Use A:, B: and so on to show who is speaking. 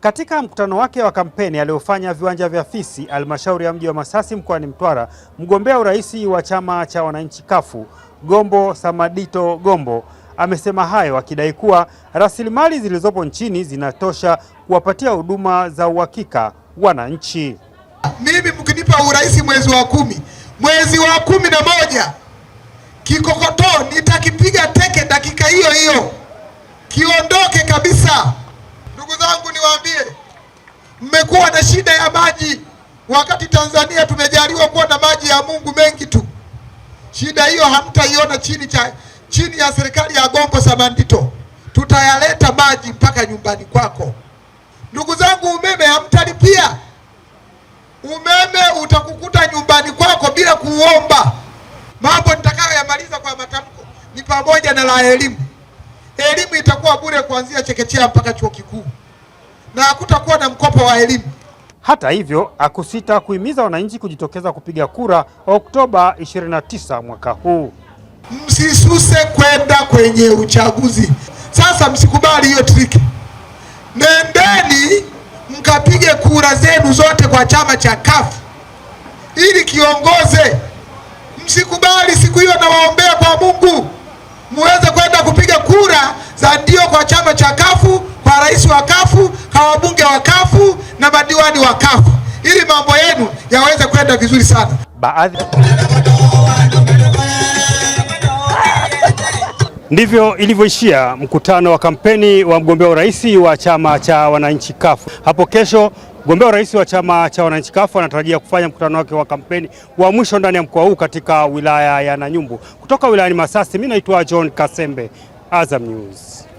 A: Katika mkutano wake wa kampeni aliofanya viwanja vya Fisi, halmashauri ya mji wa Masasi mkoani Mtwara, mgombea urais wa chama cha wananchi kafu Gombo Samadito Gombo amesema hayo akidai kuwa rasilimali zilizopo nchini zinatosha kuwapatia huduma za uhakika wananchi.
B: Mimi mkinipa urais mwezi wa kumi, mwezi wa kumi na moja kikokotoo nitakipiga teke dakika hiyo hiyo kiondoke kabisa. Mmekuwa na shida ya maji, wakati Tanzania tumejaliwa kuwa na maji ya Mungu mengi tu. Shida hiyo hamtaiona chini cha chini ya serikali ya Gombo Samandito, tutayaleta maji mpaka nyumbani kwako. Ndugu zangu, umeme hamtalipia. Umeme utakukuta nyumbani kwako bila kuuomba. Mambo nitakayoyamaliza kwa matamko ni pamoja na la elimu. Elimu itakuwa bure kuanzia chekechea mpaka chuo kikuu na hakutakuwa na mkopo wa elimu.
A: Hata hivyo, akusita kuhimiza wananchi kujitokeza kupiga kura Oktoba 29 mwaka huu.
B: Msisuse kwenda kwenye uchaguzi. Sasa msikubali hiyo triki, nendeni mkapige kura zenu zote kwa chama cha kafu ili kiongoze. Msikubali siku hiyo, nawaombea kwa Mungu muweze kwenda kupiga kura za ndio kwa chama cha kafu marais wa kafu hawabunge wa kafu na madiwani wa kafu ili mambo yenu yaweze kwenda vizuri sana. Baadhi
A: ndivyo ilivyoishia mkutano wa kampeni wa mgombea urais wa chama cha wananchi kafu. Hapo kesho mgombea urais wa chama cha wananchi kafu anatarajia kufanya mkutano wake wa kampeni wa mwisho ndani ya mkoa huu katika wilaya ya Nanyumbu. Kutoka wilayani Masasi, mimi naitwa John Kasembe, Azam News.